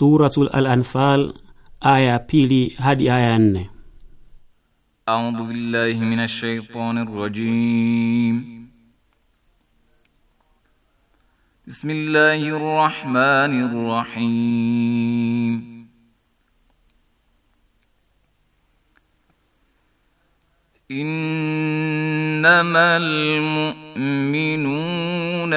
Suratul Al-Anfal aya ya pili hadi aya ya nne. A'udhu billahi minash shaitani rrajim. Bismillahir rahmanir rahim. إنما المؤمنون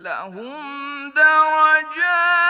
lahum darajat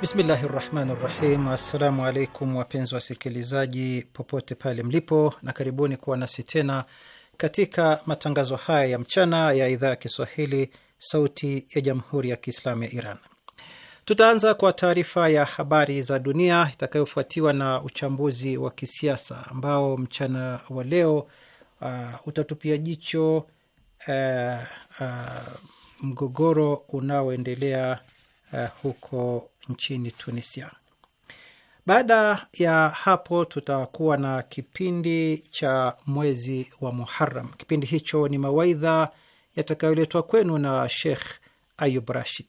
Bismillahi rahmani rahim. Assalamu alaikum wapenzi wasikilizaji popote pale mlipo, na karibuni kuwa nasi tena katika matangazo haya ya mchana ya idhaa ya Kiswahili sauti ya jamhuri ya Kiislamu ya Iran. Tutaanza kwa taarifa ya habari za dunia itakayofuatiwa na uchambuzi wa kisiasa ambao mchana wa leo uh, utatupia jicho uh, uh, mgogoro unaoendelea uh, huko nchini Tunisia. Baada ya hapo tutakuwa na kipindi cha mwezi wa muharam Kipindi hicho ni mawaidha yatakayoletwa kwenu na Sheikh Ayub Rashid.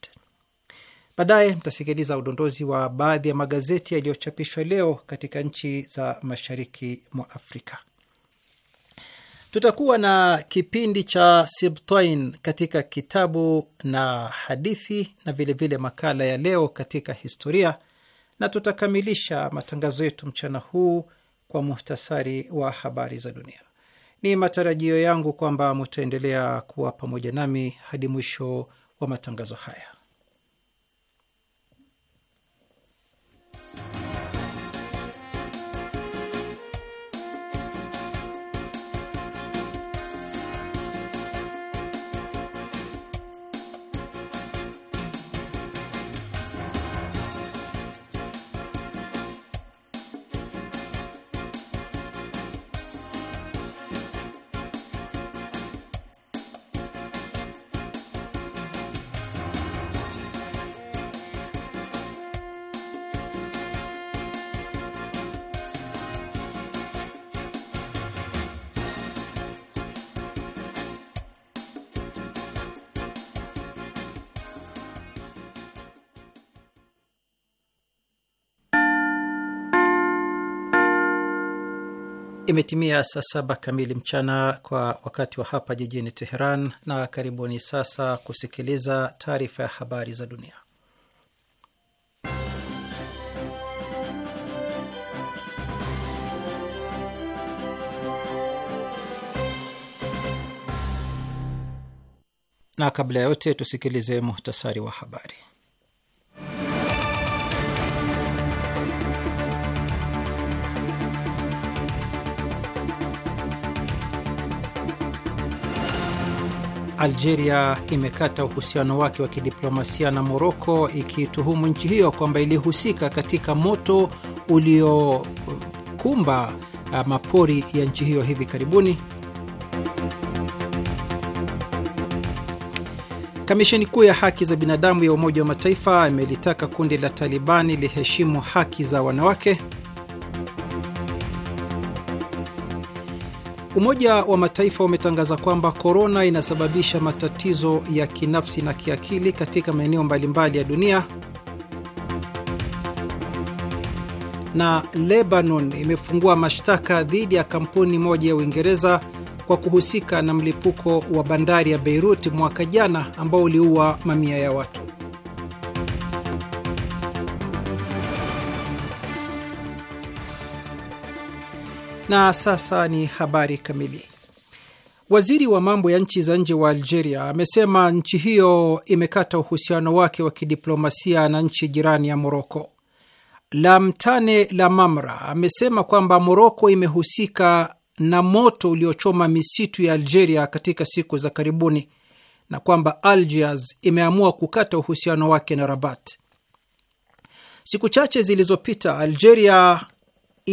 Baadaye mtasikiliza udondozi wa baadhi ya magazeti yaliyochapishwa leo katika nchi za mashariki mwa Afrika. Tutakuwa na kipindi cha Sibtain katika kitabu na hadithi na vilevile vile makala ya leo katika historia, na tutakamilisha matangazo yetu mchana huu kwa muhtasari wa habari za dunia. Ni matarajio yangu kwamba mutaendelea kuwa pamoja nami hadi mwisho wa matangazo haya. Imetimia saa saba kamili mchana kwa wakati wa hapa jijini Teheran, na karibuni sasa kusikiliza taarifa ya habari za dunia. Na kabla ya yote tusikilize muhtasari wa habari. Algeria imekata uhusiano wake wa kidiplomasia na Moroko, ikituhumu nchi hiyo kwamba ilihusika katika moto uliokumba uh, mapori ya nchi hiyo hivi karibuni. Kamisheni kuu ya haki za binadamu ya Umoja wa Mataifa imelitaka kundi la Talibani liheshimu haki za wanawake. Umoja wa Mataifa umetangaza kwamba korona inasababisha matatizo ya kinafsi na kiakili katika maeneo mbalimbali ya dunia, na Lebanon imefungua mashtaka dhidi ya kampuni moja ya Uingereza kwa kuhusika na mlipuko wa bandari ya Beirut mwaka jana ambao uliua mamia ya watu. Na sasa ni habari kamili. Waziri wa mambo ya nchi za nje wa Algeria amesema nchi hiyo imekata uhusiano wake wa kidiplomasia na nchi jirani ya Moroko. Lamtane Lamamra amesema kwamba Moroko imehusika na moto uliochoma misitu ya Algeria katika siku za karibuni na kwamba Algiers imeamua kukata uhusiano wake na Rabat. Siku chache zilizopita Algeria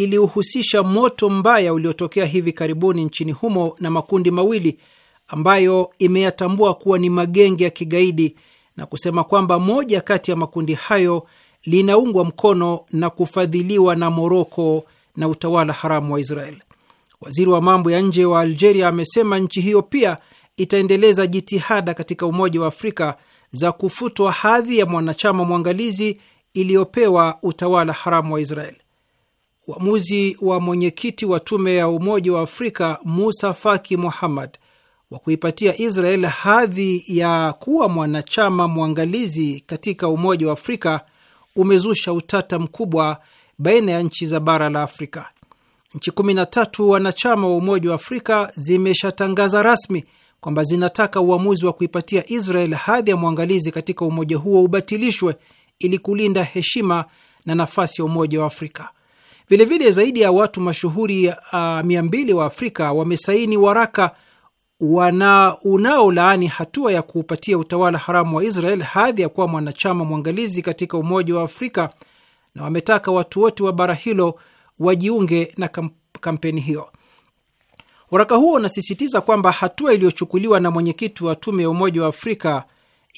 iliuhusisha moto mbaya uliotokea hivi karibuni nchini humo na makundi mawili ambayo imeyatambua kuwa ni magenge ya kigaidi na kusema kwamba moja kati ya makundi hayo linaungwa mkono na kufadhiliwa na Moroko na utawala haramu wa Israel. Waziri wa mambo ya nje wa Algeria amesema nchi hiyo pia itaendeleza jitihada katika Umoja wa Afrika za kufutwa hadhi ya mwanachama mwangalizi iliyopewa utawala haramu wa Israel uamuzi wa mwenyekiti wa tume ya Umoja wa Afrika Musa Faki Muhammad wa kuipatia Israel hadhi ya kuwa mwanachama mwangalizi katika Umoja wa Afrika umezusha utata mkubwa baina ya nchi za bara la Afrika. Nchi kumi na tatu wanachama wa Umoja wa Afrika zimeshatangaza rasmi kwamba zinataka uamuzi wa kuipatia Israel hadhi ya mwangalizi katika umoja huo ubatilishwe ili kulinda heshima na nafasi ya Umoja wa Afrika. Vilevile, zaidi ya watu mashuhuri uh, mia mbili wa Afrika wamesaini waraka wana unaolaani hatua ya kuupatia utawala haramu wa Israel hadhi ya kuwa mwanachama mwangalizi katika Umoja wa Afrika, na wametaka watu wote wa bara hilo wajiunge na kampeni hiyo. Waraka huo unasisitiza kwamba hatua iliyochukuliwa na mwenyekiti wa tume ya Umoja wa Afrika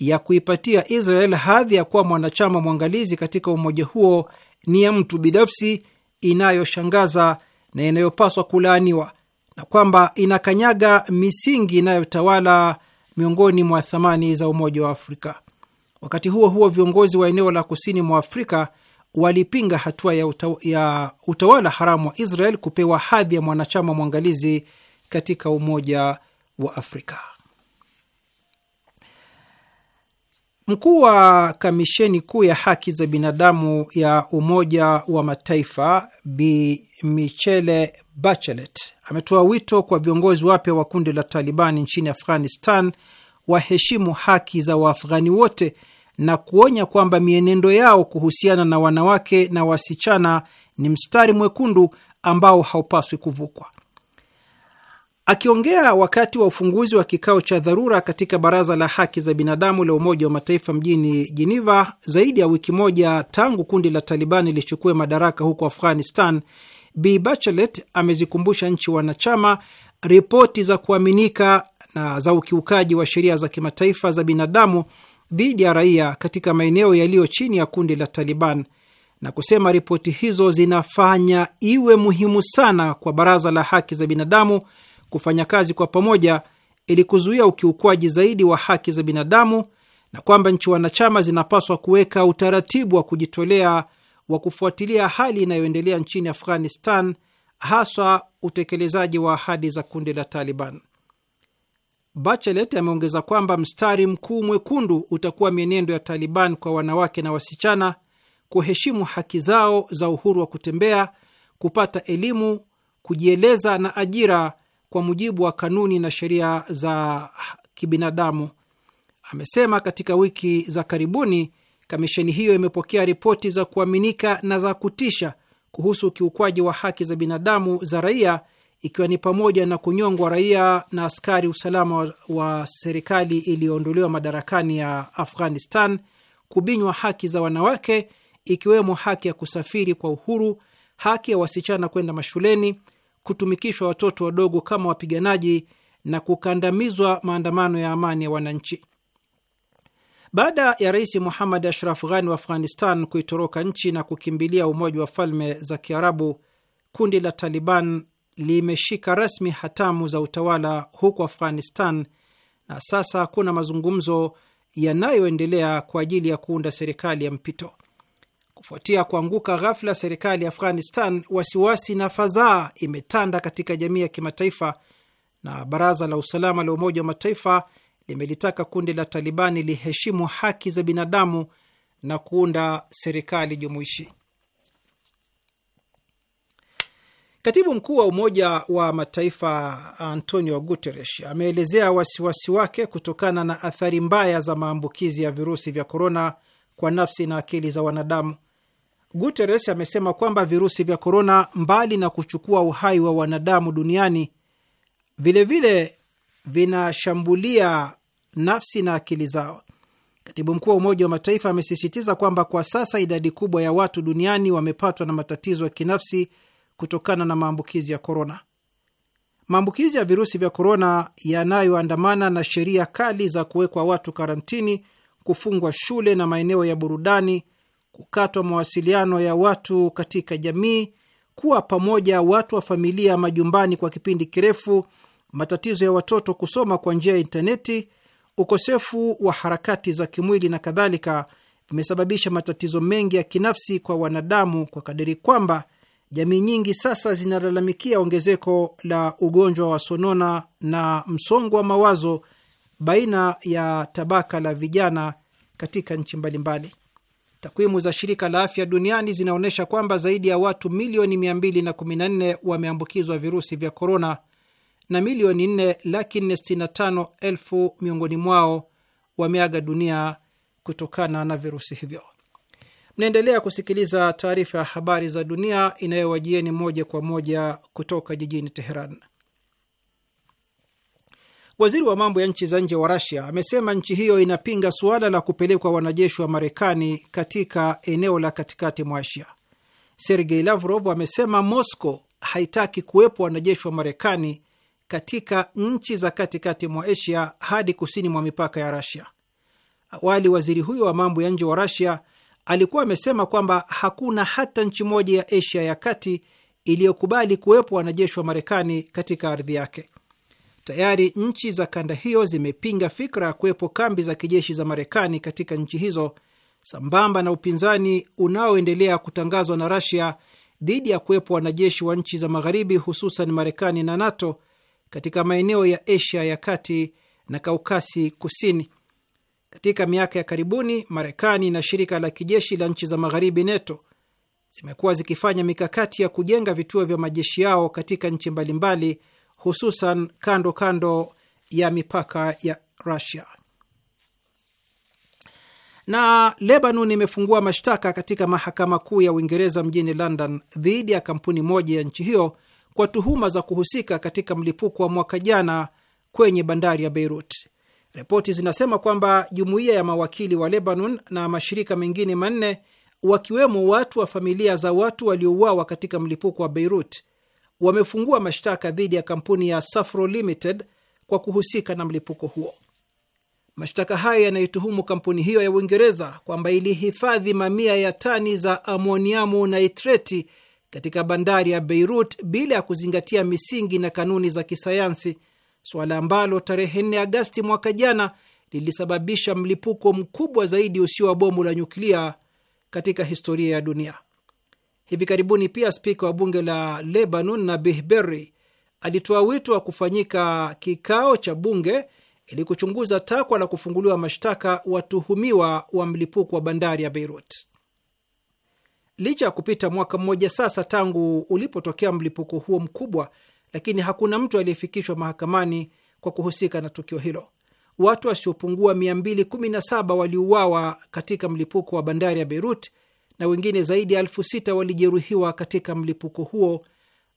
ya kuipatia Israel hadhi ya kuwa mwanachama mwangalizi katika umoja huo ni ya mtu binafsi inayoshangaza na inayopaswa kulaaniwa na kwamba inakanyaga misingi inayotawala miongoni mwa thamani za Umoja wa Afrika. Wakati huo huo, viongozi wa eneo la kusini mwa Afrika walipinga hatua ya, utaw ya utawala haramu wa Israel kupewa hadhi ya mwanachama mwangalizi katika Umoja wa Afrika. Mkuu wa kamisheni kuu ya haki za binadamu ya Umoja wa Mataifa Bi Michele Bachelet ametoa wito kwa viongozi wapya wa kundi la Talibani nchini Afghanistan waheshimu haki za Waafghani wote na kuonya kwamba mienendo yao kuhusiana na wanawake na wasichana ni mstari mwekundu ambao haupaswi kuvukwa. Akiongea wakati wa ufunguzi wa kikao cha dharura katika Baraza la Haki za Binadamu la Umoja wa Mataifa mjini Geneva, zaidi ya wiki moja tangu kundi la Talibani lichukue madaraka huko Afghanistan, Bi Bachelet amezikumbusha nchi wanachama ripoti za kuaminika na za ukiukaji wa sheria za kimataifa za binadamu dhidi ya raia katika maeneo yaliyo chini ya kundi la Taliban na kusema ripoti hizo zinafanya iwe muhimu sana kwa Baraza la Haki za Binadamu kufanya kazi kwa pamoja ili kuzuia ukiukwaji zaidi wa haki za binadamu na kwamba nchi wanachama zinapaswa kuweka utaratibu wa kujitolea wa kufuatilia hali inayoendelea nchini Afghanistan, haswa utekelezaji wa ahadi za kundi la Taliban. Bachelet ameongeza kwamba mstari mkuu mwekundu utakuwa mienendo ya Taliban kwa wanawake na wasichana, kuheshimu haki zao za uhuru wa kutembea, kupata elimu, kujieleza na ajira kwa mujibu wa kanuni na sheria za kibinadamu. Amesema katika wiki za karibuni kamisheni hiyo imepokea ripoti za kuaminika na za kutisha kuhusu ukiukwaji wa haki za binadamu za raia ikiwa ni pamoja na kunyongwa raia na askari usalama wa, serikali iliyoondolewa madarakani ya Afghanistan, kubinywa haki za wanawake ikiwemo haki ya kusafiri kwa uhuru, haki ya wasichana kwenda mashuleni, kutumikishwa watoto wadogo kama wapiganaji na kukandamizwa maandamano ya amani ya wananchi. Baada ya Rais Muhammad Ashraf Ghani wa Afghanistan kuitoroka nchi na kukimbilia Umoja wa Falme za Kiarabu, kundi la Taliban limeshika rasmi hatamu za utawala huko Afghanistan, na sasa kuna mazungumzo yanayoendelea kwa ajili ya kuunda serikali ya mpito. Kufuatia kuanguka ghafla serikali ya Afghanistan, wasiwasi na fadhaa imetanda katika jamii ya kimataifa, na baraza la usalama la Umoja wa Mataifa limelitaka kundi la Talibani liheshimu haki za binadamu na kuunda serikali jumuishi. Katibu mkuu wa Umoja wa Mataifa Antonio Guterres ameelezea wasiwasi wake kutokana na athari mbaya za maambukizi ya virusi vya korona kwa nafsi na akili za wanadamu. Guterres amesema kwamba virusi vya korona, mbali na kuchukua uhai wa wanadamu duniani, vilevile vinashambulia nafsi na akili zao. Katibu mkuu wa Umoja wa Mataifa amesisitiza kwamba kwa sasa idadi kubwa ya watu duniani wamepatwa na matatizo ya kinafsi kutokana na maambukizi ya korona. Maambukizi ya virusi vya korona yanayoandamana na sheria kali za kuwekwa watu karantini, kufungwa shule na maeneo ya burudani kukatwa mawasiliano ya watu katika jamii, kuwa pamoja watu wa familia majumbani kwa kipindi kirefu, matatizo ya watoto kusoma kwa njia ya intaneti, ukosefu wa harakati za kimwili na kadhalika, vimesababisha matatizo mengi ya kinafsi kwa wanadamu kwa kadiri kwamba jamii nyingi sasa zinalalamikia ongezeko la ugonjwa wa sonona na msongo wa mawazo baina ya tabaka la vijana katika nchi mbalimbali. Takwimu za shirika la afya duniani zinaonyesha kwamba zaidi ya watu milioni 214 wameambukizwa virusi vya korona na milioni 4 laki 65 elfu miongoni mwao wameaga dunia kutokana na virusi hivyo. Mnaendelea kusikiliza taarifa ya habari za dunia inayowajieni moja kwa moja kutoka jijini Teheran. Waziri wa mambo ya nchi za nje wa Rasia amesema nchi hiyo inapinga suala la kupelekwa wanajeshi wa Marekani katika eneo la katikati mwa Asia. Sergei Lavrov amesema Moscow haitaki kuwepo wanajeshi wa Marekani katika nchi za katikati mwa Asia hadi kusini mwa mipaka ya Rasia. Awali waziri huyo wa mambo ya nje wa Rasia alikuwa amesema kwamba hakuna hata nchi moja ya Asia ya kati iliyokubali kuwepo wanajeshi wa Marekani katika ardhi yake. Tayari nchi za kanda hiyo zimepinga fikra ya kuwepo kambi za kijeshi za Marekani katika nchi hizo, sambamba na upinzani unaoendelea kutangazwa na Rasia dhidi ya kuwepo wanajeshi wa nchi za Magharibi, hususan Marekani na NATO katika maeneo ya Asia ya kati na Kaukasi Kusini. Katika miaka ya karibuni, Marekani na shirika la kijeshi la nchi za Magharibi, NATO, zimekuwa zikifanya mikakati ya kujenga vituo vya majeshi yao katika nchi mbalimbali hususan kando kando ya mipaka ya rusia Na Lebanon imefungua mashtaka katika mahakama kuu ya Uingereza mjini London dhidi ya kampuni moja ya nchi hiyo kwa tuhuma za kuhusika katika mlipuko wa mwaka jana kwenye bandari ya Beirut. Ripoti zinasema kwamba jumuiya ya mawakili wa Lebanon na mashirika mengine manne wakiwemo watu wa familia za watu waliouawa katika mlipuko wa Beirut wamefungua mashtaka dhidi ya kampuni ya Safro Limited kwa kuhusika na mlipuko huo. Mashtaka hayo yanaituhumu kampuni hiyo ya Uingereza kwamba ilihifadhi mamia ya tani za amoniamu naitreti katika bandari ya Beirut bila ya kuzingatia misingi na kanuni za kisayansi, suala ambalo tarehe 4 Agasti mwaka jana lilisababisha mlipuko mkubwa zaidi usio wa bomu la nyuklia katika historia ya dunia. Hivi karibuni pia spika wa bunge la Lebanon Nabih Berri alitoa wito wa kufanyika kikao cha bunge ili kuchunguza takwa la kufunguliwa mashtaka watuhumiwa wa mlipuko wa bandari ya Beirut. Licha ya kupita mwaka mmoja sasa tangu ulipotokea mlipuko huo mkubwa, lakini hakuna mtu aliyefikishwa mahakamani kwa kuhusika na tukio hilo. Watu wasiopungua 217 waliuawa katika mlipuko wa bandari ya Beirut na wengine zaidi ya elfu sita walijeruhiwa katika mlipuko huo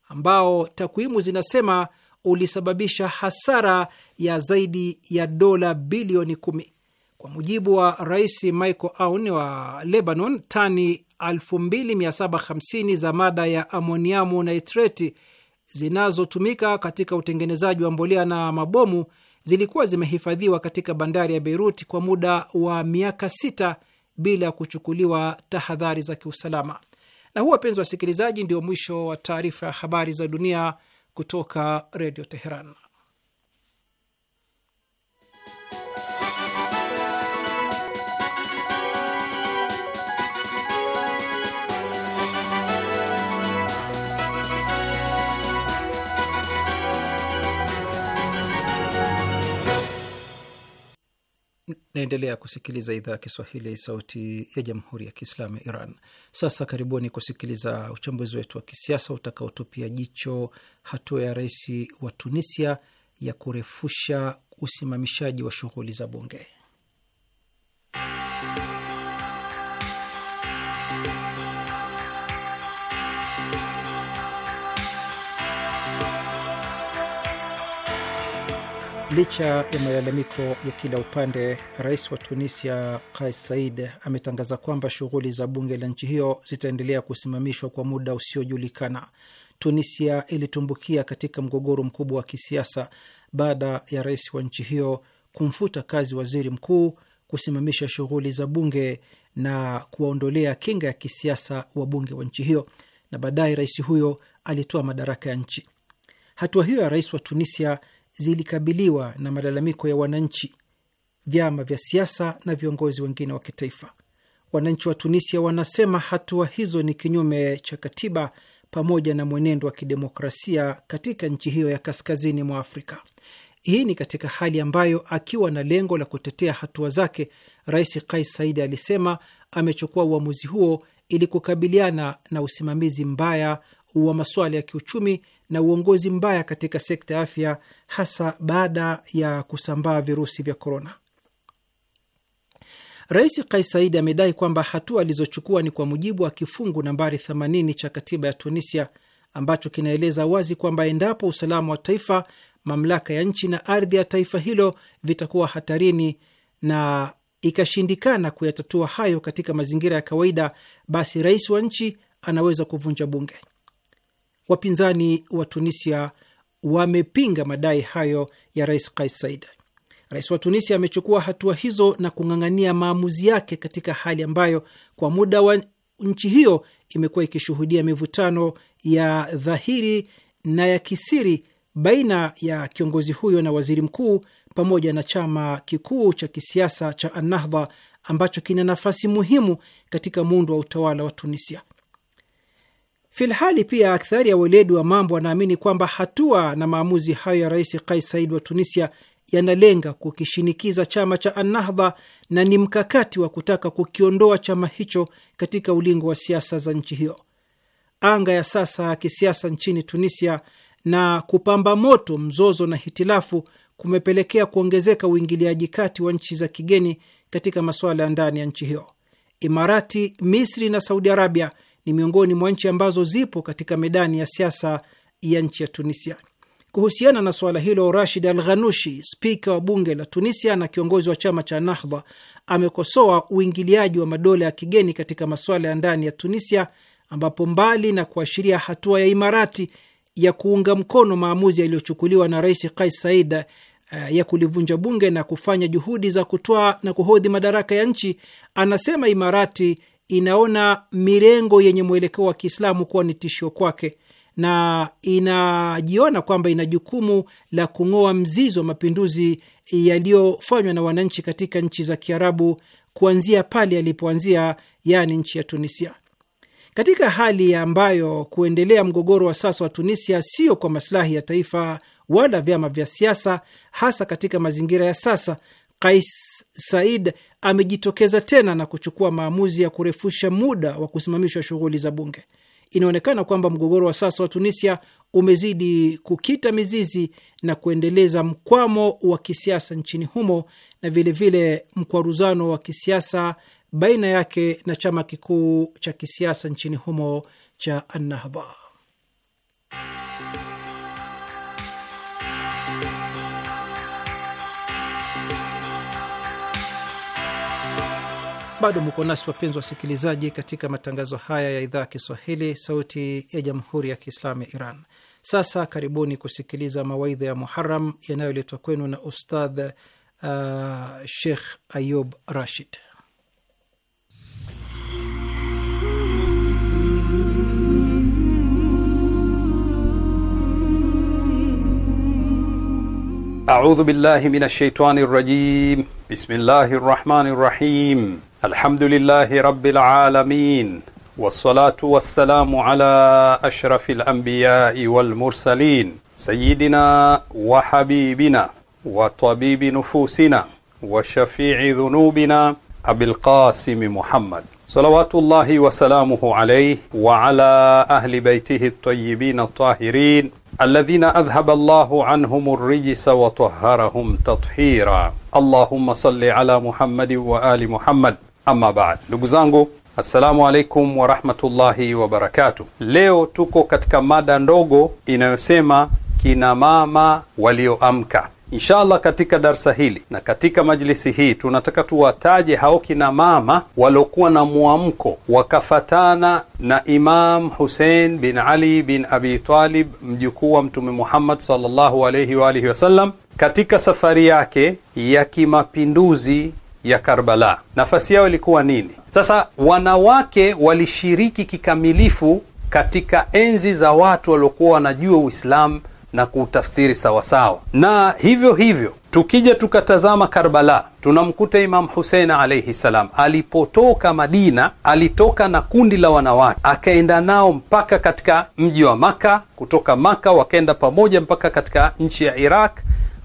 ambao takwimu zinasema ulisababisha hasara ya zaidi ya dola bilioni kumi. Kwa mujibu wa Rais Michael Aoun wa Lebanon, tani 2750 za mada ya amoniamu naitreti zinazotumika katika utengenezaji wa mbolea na mabomu zilikuwa zimehifadhiwa katika bandari ya Beirut kwa muda wa miaka sita bila ya kuchukuliwa tahadhari za kiusalama. Na huu, wapenzi wasikilizaji, ndio mwisho wa taarifa ya habari za dunia kutoka Redio Teheran. Naendelea kusikiliza idhaa ya Kiswahili, sauti ya jamhuri ya kiislamu ya Iran. Sasa karibuni kusikiliza uchambuzi wetu wa kisiasa utakaotupia jicho hatua ya rais wa Tunisia ya kurefusha usimamishaji wa shughuli za bunge. Licha ya malalamiko ya kila upande, rais wa Tunisia Kais said ametangaza kwamba shughuli za bunge la nchi hiyo zitaendelea kusimamishwa kwa muda usiojulikana. Tunisia ilitumbukia katika mgogoro mkubwa wa kisiasa baada ya rais wa nchi hiyo kumfuta kazi waziri mkuu, kusimamisha shughuli za bunge na kuwaondolea kinga ya kisiasa wa bunge wa nchi hiyo, na baadaye rais huyo alitoa madaraka ya nchi. Hatua hiyo ya rais wa Tunisia zilikabiliwa na malalamiko ya wananchi, vyama vya siasa na viongozi wengine wa kitaifa. Wananchi wa Tunisia wanasema hatua hizo ni kinyume cha katiba pamoja na mwenendo wa kidemokrasia katika nchi hiyo ya kaskazini mwa Afrika. Hii ni katika hali ambayo, akiwa na lengo la kutetea hatua zake, Rais Kais Saidi alisema amechukua uamuzi huo ili kukabiliana na usimamizi mbaya wa masuala ya kiuchumi na uongozi mbaya katika sekta ya afya, hasa baada ya kusambaa virusi vya korona. Rais Kais Saidi amedai kwamba hatua alizochukua ni kwa mujibu wa kifungu nambari 80 cha katiba ya Tunisia ambacho kinaeleza wazi kwamba endapo usalama wa taifa, mamlaka ya nchi na ardhi ya taifa hilo vitakuwa hatarini na ikashindikana kuyatatua hayo katika mazingira ya kawaida, basi rais wa nchi anaweza kuvunja bunge. Wapinzani wa Tunisia wamepinga madai hayo ya Rais Kais Saied. Rais wa Tunisia amechukua hatua hizo na kung'ang'ania maamuzi yake katika hali ambayo kwa muda wa nchi hiyo imekuwa ikishuhudia mivutano ya dhahiri na ya kisiri baina ya kiongozi huyo na waziri mkuu pamoja na chama kikuu cha kisiasa cha Annahdha ambacho kina nafasi muhimu katika muundo wa utawala wa Tunisia. Filhali pia akthari ya weledi wa mambo wanaamini kwamba hatua na maamuzi hayo ya Rais Kais Said wa Tunisia yanalenga kukishinikiza chama cha Annahdha na ni mkakati wa kutaka kukiondoa chama hicho katika ulingo wa siasa za nchi hiyo. Anga ya sasa ya kisiasa nchini Tunisia na kupamba moto mzozo na hitilafu kumepelekea kuongezeka uingiliaji kati wa nchi za kigeni katika masuala ya ndani ya nchi hiyo. Imarati, Misri na Saudi Arabia ni miongoni mwa nchi ambazo zipo katika medani ya siasa ya nchi ya Tunisia. Kuhusiana na suala hilo, Rashid Al Ghanushi, spika wa bunge la Tunisia na kiongozi wa chama cha Nahdha, amekosoa uingiliaji wa madola ya kigeni katika masuala ya ndani ya Tunisia, ambapo mbali na kuashiria hatua ya Imarati ya kuunga mkono maamuzi yaliyochukuliwa na Rais Kais Saied eh, ya kulivunja bunge na kufanya juhudi za kutoa na kuhodhi madaraka ya nchi, anasema Imarati inaona mirengo yenye mwelekeo wa Kiislamu kuwa ni tishio kwake na inajiona kwamba ina jukumu la kung'oa mzizi wa mapinduzi yaliyofanywa na wananchi katika nchi za Kiarabu kuanzia pale yalipoanzia, yaani nchi ya Tunisia. Katika hali ambayo kuendelea mgogoro wa sasa wa Tunisia sio kwa masilahi ya taifa wala vyama vya siasa, hasa katika mazingira ya sasa Kais Said amejitokeza tena na kuchukua maamuzi ya kurefusha muda wa kusimamishwa shughuli za bunge. Inaonekana kwamba mgogoro wa sasa wa Tunisia umezidi kukita mizizi na kuendeleza mkwamo wa kisiasa nchini humo na vilevile mkwaruzano wa kisiasa baina yake na chama kikuu cha kisiasa nchini humo cha Annahdha. Bado mko nasi wapenzi wasikilizaji, katika matangazo haya ya idhaa ya Kiswahili, Sauti ya Jamhuri ya Kiislamu ya Iran. Sasa karibuni kusikiliza mawaidha ya Muharam yanayoletwa kwenu na Ustadh uh, Sheikh Ayub Rashid. الحمد لله رب العالمين والصلاة والسلام على أشرف الأنبياء والمرسلين سيدنا وحبيبنا وطبيب نفوسنا وشفيع ذنوبنا أبي القاسم محمد صلوات الله وسلامه عليه وعلى أهل بيته الطيبين الطاهرين الذين أذهب الله عنهم الرجس وطهرهم تطهيرا اللهم صل على محمد وآل محمد Ama baad, ndugu zangu, assalamu alaikum warahmatullahi wabarakatu. Leo tuko katika mada ndogo inayosema kina mama walioamka. Insha allah katika darsa hili na katika majlisi hii tunataka tuwataje hao kina mama waliokuwa na mwamko wakafatana na Imam Husein bin Ali bin Abi Talib, mjukuu wa Mtume Muhammad sallallahu alayhi wa alihi wasallam, katika safari yake ya kimapinduzi ya Karbala. Nafasi yao ilikuwa nini? Sasa wanawake walishiriki kikamilifu katika enzi za watu waliokuwa wanajua Uislamu na kuutafsiri sawasawa. Na hivyo hivyo tukija tukatazama Karbala, tunamkuta Imam Husein alaihi salam alipotoka Madina, alitoka na kundi la wanawake, akaenda nao mpaka katika mji wa Maka. Kutoka Maka wakaenda pamoja mpaka katika nchi ya Iraq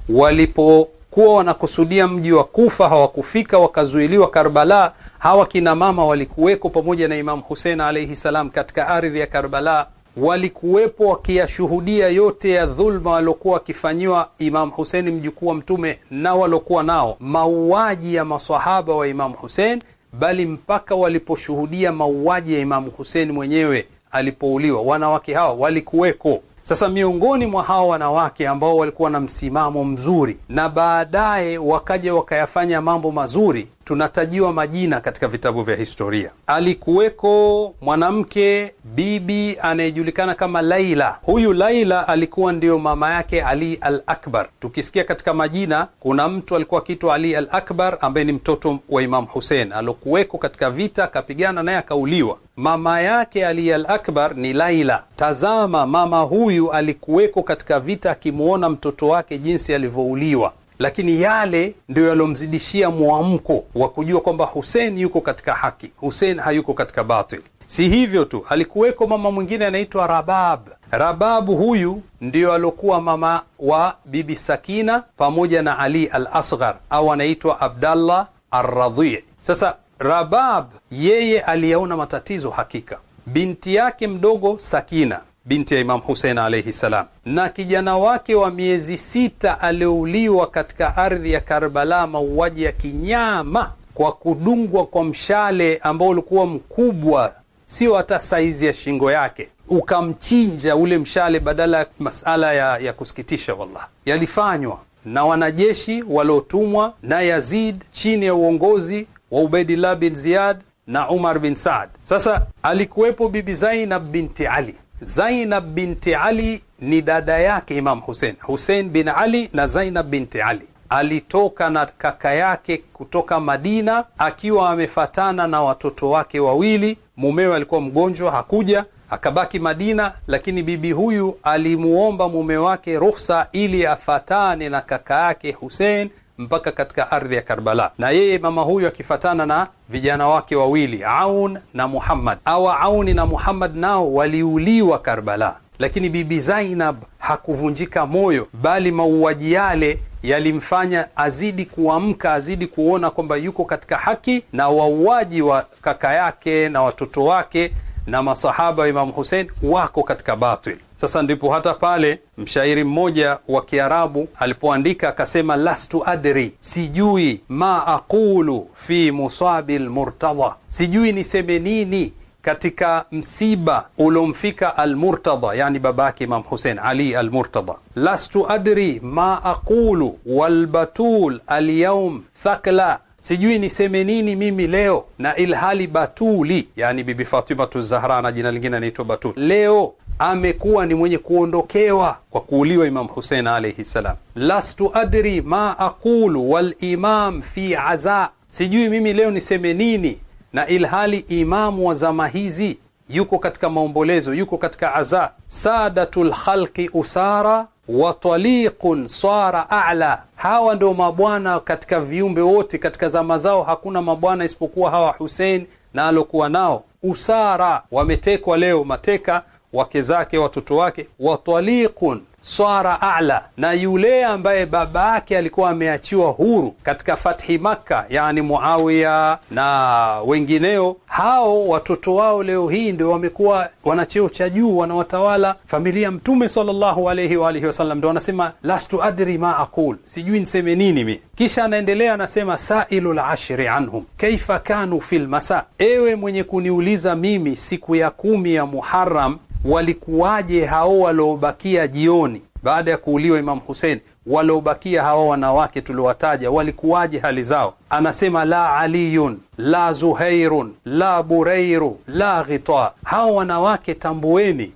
walipo walikuwa wanakusudia mji wa Kufa hawakufika, wakazuiliwa Karbala. Hawa kina mama walikuweko pamoja na Imamu Husein alaihi salam katika ardhi ya Karbala, walikuwepo wakiyashuhudia yote ya dhulma waliokuwa wakifanyiwa Imamu Husein mjukuu wa Mtume na waliokuwa nao, mauaji ya masahaba wa Imamu Husein, bali mpaka waliposhuhudia mauaji ya Imamu Husein mwenyewe alipouliwa, wanawake hawa walikuweko. Sasa miongoni mwa hawa wanawake ambao walikuwa na msimamo mzuri na baadaye wakaja wakayafanya mambo mazuri, tunatajiwa majina katika vitabu vya historia. Alikuweko mwanamke bibi anayejulikana kama Laila. Huyu Laila alikuwa ndiyo mama yake Ali al Akbar. Tukisikia katika majina, kuna mtu alikuwa akiitwa Ali al Akbar ambaye ni mtoto wa imam Husein, alokuweko katika vita, akapigana naye akauliwa. Mama yake Ali al Akbar ni Laila. Tazama, mama huyu alikuweko katika vita, akimwona mtoto wake jinsi alivyouliwa lakini yale ndio yalomzidishia mwamko wa kujua kwamba husen yuko katika haki, husen hayuko katika batil. Si hivyo tu, alikuweko mama mwingine anaitwa Rabab. Rababu huyu ndiyo alokuwa mama wa Bibi Sakina pamoja na Ali al Asghar, au anaitwa Abdallah Arradhi. Sasa Rabab yeye aliyaona matatizo hakika, binti yake mdogo Sakina binti ya Imam Husein alaihi salam, na kijana wake wa miezi sita aliouliwa katika ardhi ya Karbala, mauaji ya kinyama kwa kudungwa kwa mshale ambao ulikuwa mkubwa, sio hata saizi ya shingo yake, ukamchinja ule mshale. Badala ya masala ya, ya kusikitisha, wallah, yalifanywa na wanajeshi waliotumwa na Yazid chini ya uongozi wa Ubaidillah bin Ziyad na Umar bin Saad. Sasa alikuwepo Bibi Zainab binti Ali Zainab binti Ali ni dada yake Imam Hussein. Hussein bin Ali na Zainab binti Ali alitoka na kaka yake kutoka Madina akiwa amefatana na watoto wake wawili. Mumewe alikuwa mgonjwa, hakuja akabaki Madina, lakini bibi huyu alimuomba mume wake ruhusa ili afatane na kaka yake Hussein mpaka katika ardhi ya Karbala, na yeye mama huyu akifatana na vijana wake wawili Aun na Muhammad. Awa Auni na Muhammad nao waliuliwa Karbala, lakini Bibi Zainab hakuvunjika moyo, bali mauaji yale yalimfanya azidi kuamka, azidi kuona kwamba yuko katika haki, na wauaji wa kaka yake na watoto wake na masahaba wa Imamu Husein wako katika batil. Sasa ndipo hata pale mshairi mmoja wa Kiarabu alipoandika akasema, lastu adri, sijui ma aqulu fi musabi lmurtada sijui niseme nini katika msiba ulomfika Almurtadha, yani babake Imam Husein Ali almurtada Lastu adri ma aqulu walbatul alyaum thakla sijui niseme nini mimi leo, na ilhali Batuli, yani Bibi Fatimatu Zahra na jina lingine anaitwa Batuli, leo amekuwa ni mwenye kuondokewa kwa kuuliwa Imam Husein alaihi ssalam. Lastu adri ma aqulu walimam fi aza, sijui mimi leo niseme nini, na ilhali imamu wa zama hizi yuko katika maombolezo, yuko katika aza. Sadatu lkhalqi usara wa taliqun sara a'la. Hawa ndio mabwana katika viumbe wote, katika zama zao hakuna mabwana isipokuwa hawa Hussein na alokuwa nao. Usara wametekwa leo mateka, wake zake, watoto wake. wa taliqun swara a'la, na yule ambaye baba yake alikuwa ameachiwa huru katika fathi Makka, yani Muawiya na wengineo, hao watoto wao leo hii ndio wamekuwa wana cheo cha juu, wanawatawala familia Mtume sallallahu alayhi wa alihi wasallam, wanasema lastu adri ma aqul, sijui niseme nini mi. Kisha anaendelea anasema, sailu lashri anhum kaifa kanu fi lmasa, ewe mwenye kuniuliza mimi siku ya kumi ya muharam walikuwaje hao waliobakia jioni baada ya kuuliwa Imam Hussein, waliobakia hawa wanawake tuliowataja walikuwaje hali zao? Anasema la aliyun la zuhairun la bureiru la ghita. Hawa wanawake tambueni,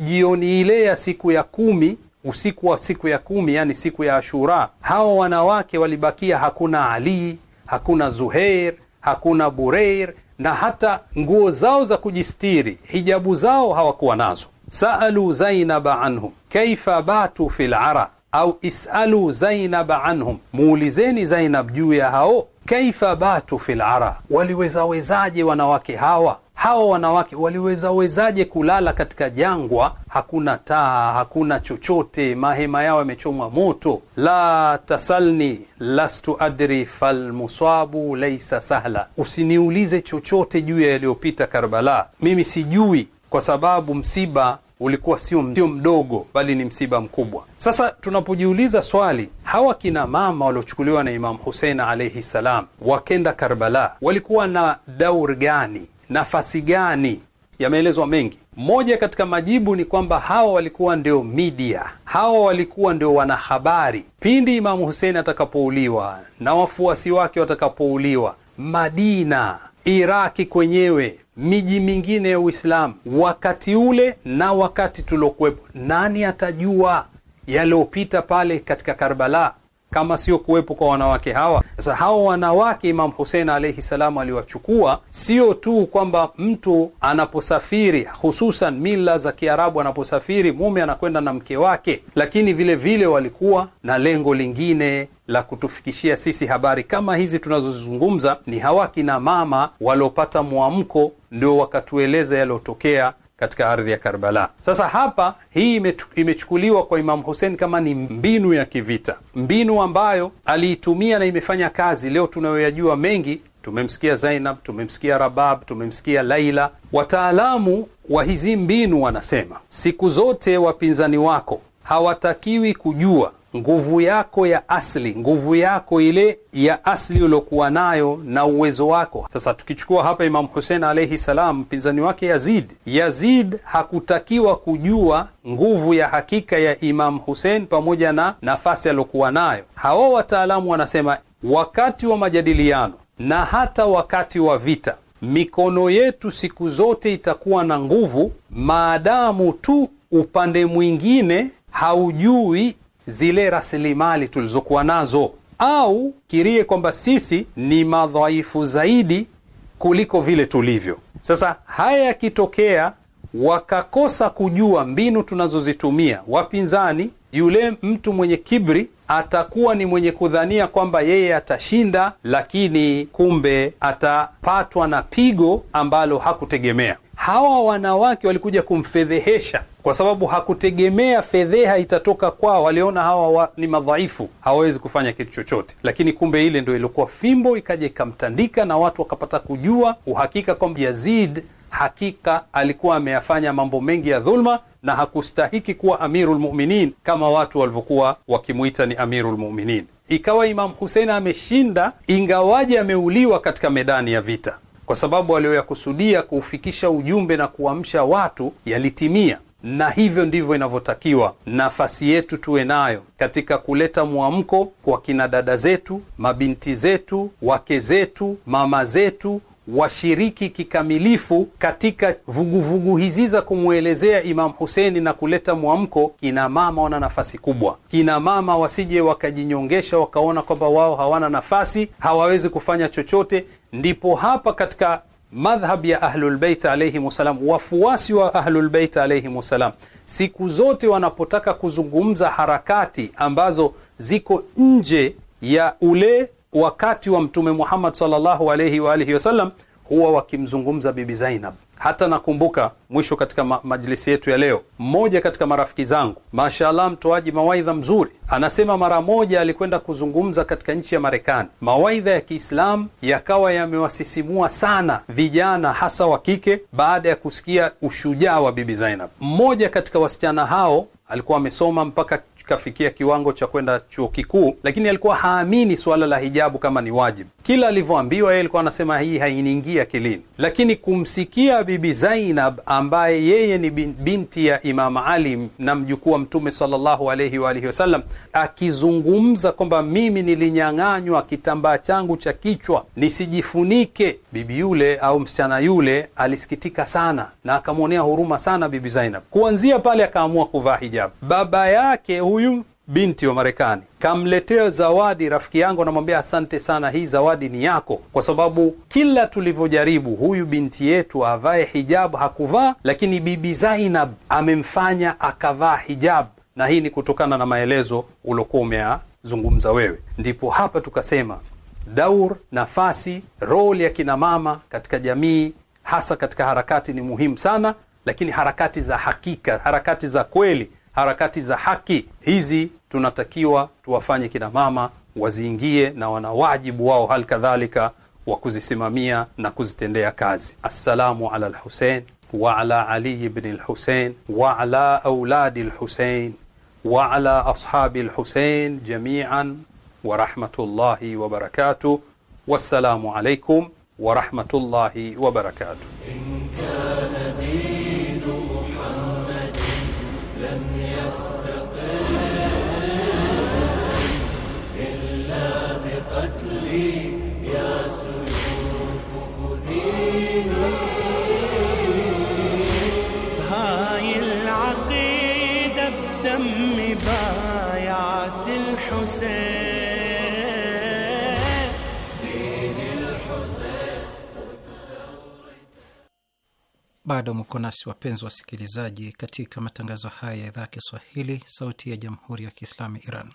jioni ile ya siku ya kumi usiku wa siku ya kumi, yani siku ya Ashura, hawa wanawake walibakia. Hakuna Ali, hakuna Zuhair, hakuna Bureir, na hata nguo zao za kujistiri hijabu zao hawakuwa nazo saalu zainaba anhum kaifa batu fi lara au isalu zainaba anhum, muulizeni Zainab juu ya hao. Kaifa batu fi lara, waliwezawezaje wanawake hawa hawa wanawake waliwezawezaje kulala katika jangwa, hakuna taa, hakuna chochote, mahema yao yamechomwa moto. La tasalni lastu adri falmusabu laisa sahla, usiniulize chochote juu ya yaliyopita Karbala, mimi sijui kwa sababu msiba ulikuwa sio mdogo, bali ni msiba mkubwa. Sasa tunapojiuliza swali, hawa kina mama waliochukuliwa na Imamu Husein alaihi ssalam wakenda Karbala walikuwa na daur gani, nafasi gani? Yameelezwa mengi. Moja katika majibu ni kwamba hawa walikuwa ndio midia, hawa walikuwa ndio wanahabari. Pindi Imamu Husein atakapouliwa na wafuasi wake watakapouliwa, Madina, Iraki kwenyewe miji mingine ya Uislamu wakati ule na wakati tuliokuwepo. Nani atajua yaliyopita pale katika Karbala kama sio kuwepo kwa wanawake hawa? Sasa hawa wanawake Imam Husein alaihi salam aliwachukua, sio tu kwamba mtu anaposafiri, hususan mila za Kiarabu, anaposafiri mume anakwenda na mke wake, lakini vilevile vile walikuwa na lengo lingine la kutufikishia sisi habari kama hizi tunazozizungumza. Ni hawa kina mama waliopata mwamko ndio wakatueleza yaliyotokea katika ardhi ya Karbala. Sasa hapa hii imechukuliwa kwa Imamu Hussein kama ni mbinu ya kivita, mbinu ambayo aliitumia na imefanya kazi. Leo tunayoyajua mengi, tumemsikia Zainab, tumemsikia Rabab, tumemsikia Laila. Wataalamu wa hizi mbinu wanasema siku zote wapinzani wako hawatakiwi kujua nguvu yako ya asli nguvu yako ile ya asli uliokuwa nayo na uwezo wako. Sasa tukichukua hapa Imam husen alayhi salam, mpinzani wake Yazid, Yazid hakutakiwa kujua nguvu ya hakika ya Imam husen pamoja na nafasi aliyokuwa nayo. Hawa wataalamu wanasema wakati wa majadiliano na hata wakati wa vita, mikono yetu siku zote itakuwa na nguvu maadamu tu upande mwingine haujui zile rasilimali tulizokuwa nazo, au kirie kwamba sisi ni madhaifu zaidi kuliko vile tulivyo. Sasa haya yakitokea, wakakosa kujua mbinu tunazozitumia wapinzani, yule mtu mwenye kibri atakuwa ni mwenye kudhania kwamba yeye atashinda, lakini kumbe atapatwa na pigo ambalo hakutegemea. Hawa wanawake walikuja kumfedhehesha kwa sababu hakutegemea fedheha itatoka kwao. Waliona hawa wa, ni madhaifu, hawawezi kufanya kitu chochote, lakini kumbe ile ndo ilikuwa fimbo, ikaja ikamtandika, na watu wakapata kujua uhakika kwamba Yazid hakika alikuwa ameyafanya mambo mengi ya dhulma na hakustahiki kuwa amirulmuminin kama watu walivyokuwa wakimwita ni amirulmuminin Ikawa Imam Husein ameshinda, ingawaje ameuliwa katika medani ya vita, kwa sababu aliyoyakusudia kuufikisha ujumbe na kuamsha watu yalitimia na hivyo ndivyo inavyotakiwa. Nafasi yetu tuwe nayo katika kuleta mwamko kwa kina dada zetu, mabinti zetu, wake zetu, mama zetu washiriki kikamilifu katika vuguvugu hizi za kumwelezea Imam Huseni na kuleta mwamko. Kina mama wana nafasi kubwa. Kina mama wasije wakajinyongesha, wakaona kwamba wao hawana nafasi, hawawezi kufanya chochote. Ndipo hapa katika madhhab ya Ahlulbeit alayhim salam, wafuasi wa Ahlulbeit alayhim salam, siku zote wanapotaka kuzungumza harakati ambazo ziko nje ya ule wakati wa Mtume Muhammad sallallahu alayhi wa alihi wasallam, huwa wakimzungumza Bibi Zainab. Hata nakumbuka mwisho katika ma majlisi yetu ya leo, mmoja katika marafiki zangu, mashallah, mtoaji mawaidha mzuri, anasema mara moja alikwenda kuzungumza katika nchi ya Marekani. Mawaidha ya Kiislamu yakawa yamewasisimua sana vijana, hasa wa kike, baada ya kusikia ushujaa wa Bibi Zainab. Mmoja katika wasichana hao alikuwa amesoma mpaka kafikia kiwango cha kwenda chuo kikuu, lakini alikuwa haamini suala la hijabu kama ni wajibu. Kila alivyoambiwa yeye alikuwa anasema hii hainiingia akilini, lakini kumsikia Bibi Zainab ambaye yeye ni binti ya Imam Ali na mjukuu wa Mtume sallallahu alayhi wa alihi wasallam akizungumza kwamba mimi nilinyang'anywa kitambaa changu cha kichwa nisijifunike, bibi yule au msichana yule alisikitika sana na akamwonea huruma sana Bibi Zainab. Kuanzia pale akaamua kuvaa hijabu. Baba yake huyu huyu binti wa Marekani kamletea zawadi rafiki yangu, anamwambia asante sana, hii zawadi ni yako, kwa sababu kila tulivyojaribu huyu binti yetu avae hijabu hakuvaa, lakini Bibi Zainab amemfanya akavaa hijabu, na hii ni kutokana na maelezo uliokuwa umeyazungumza wewe. Ndipo hapa tukasema daur, nafasi, role ya kinamama katika jamii, hasa katika harakati ni muhimu sana, lakini harakati za hakika, harakati za kweli harakati za haki hizi tunatakiwa tuwafanye kina mama waziingie, na wana wajibu wao hali kadhalika wa kuzisimamia na kuzitendea kazi. Assalamu ala lhusein wa ala aliyi bni lhusein wa ala auladi lhusein wa ala ashabi lhusein jamian wa rahmatullahi wa barakatuh. Wassalamu alaikum wa rahmatullahi wa barakatuh. بايعة الحسين دين الحسين bado mko nasi wapenzi wasikilizaji, katika matangazo haya ya idhaa ya Kiswahili, sauti ya jamhuri ya kiislamu Iran.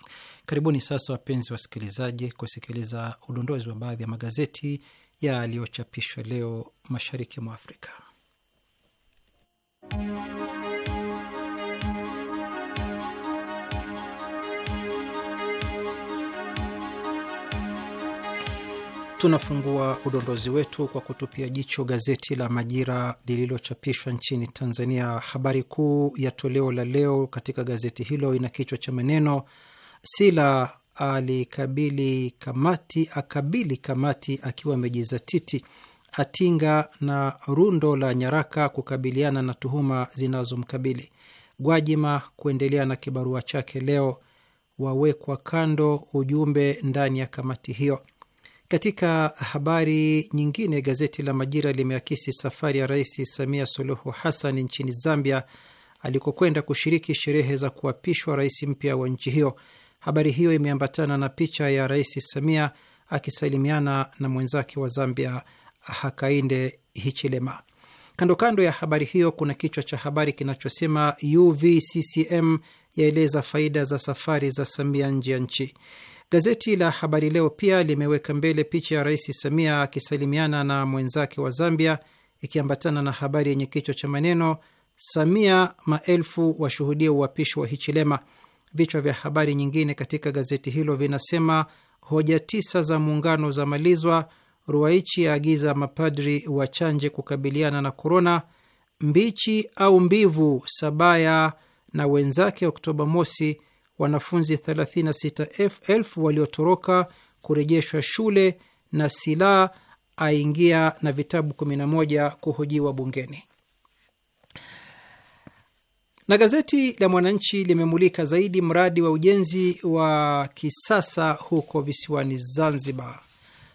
Karibuni sasa wapenzi wasikilizaji, kusikiliza udondozi wa baadhi ya magazeti yaliyochapishwa leo mashariki mwa Afrika. Tunafungua udondozi wetu kwa kutupia jicho gazeti la Majira lililochapishwa nchini Tanzania. Habari kuu ya toleo la leo katika gazeti hilo ina kichwa cha maneno Sila alikabili kamati, akabili kamati akiwa amejizatiti, atinga na rundo la nyaraka kukabiliana na tuhuma zinazomkabili. Gwajima kuendelea na kibarua chake leo, wawekwa kando ujumbe ndani ya kamati hiyo. Katika habari nyingine, gazeti la Majira limeakisi safari ya Rais Samia Suluhu Hassan nchini Zambia alikokwenda kushiriki sherehe za kuapishwa rais mpya wa nchi hiyo. Habari hiyo imeambatana na picha ya Rais Samia akisalimiana na mwenzake wa Zambia Hakainde Hichilema. Kando kando ya habari hiyo kuna kichwa cha habari kinachosema UVCCM yaeleza faida za safari za Samia nje ya nchi. Gazeti la Habari Leo pia limeweka mbele picha ya Rais Samia akisalimiana na mwenzake wa Zambia, ikiambatana na habari yenye kichwa cha maneno Samia, maelfu washuhudia uhapishi wa Hichilema. Vichwa vya habari nyingine katika gazeti hilo vinasema hoja tisa za muungano za malizwa, Ruwaichi aagiza mapadri wachanje kukabiliana na korona, mbichi au mbivu Sabaya na wenzake Oktoba mosi wanafunzi 36,000 waliotoroka kurejeshwa shule na silaha aingia na vitabu 11 kuhojiwa bungeni. Na gazeti la Mwananchi limemulika zaidi mradi wa ujenzi wa kisasa huko visiwani Zanzibar.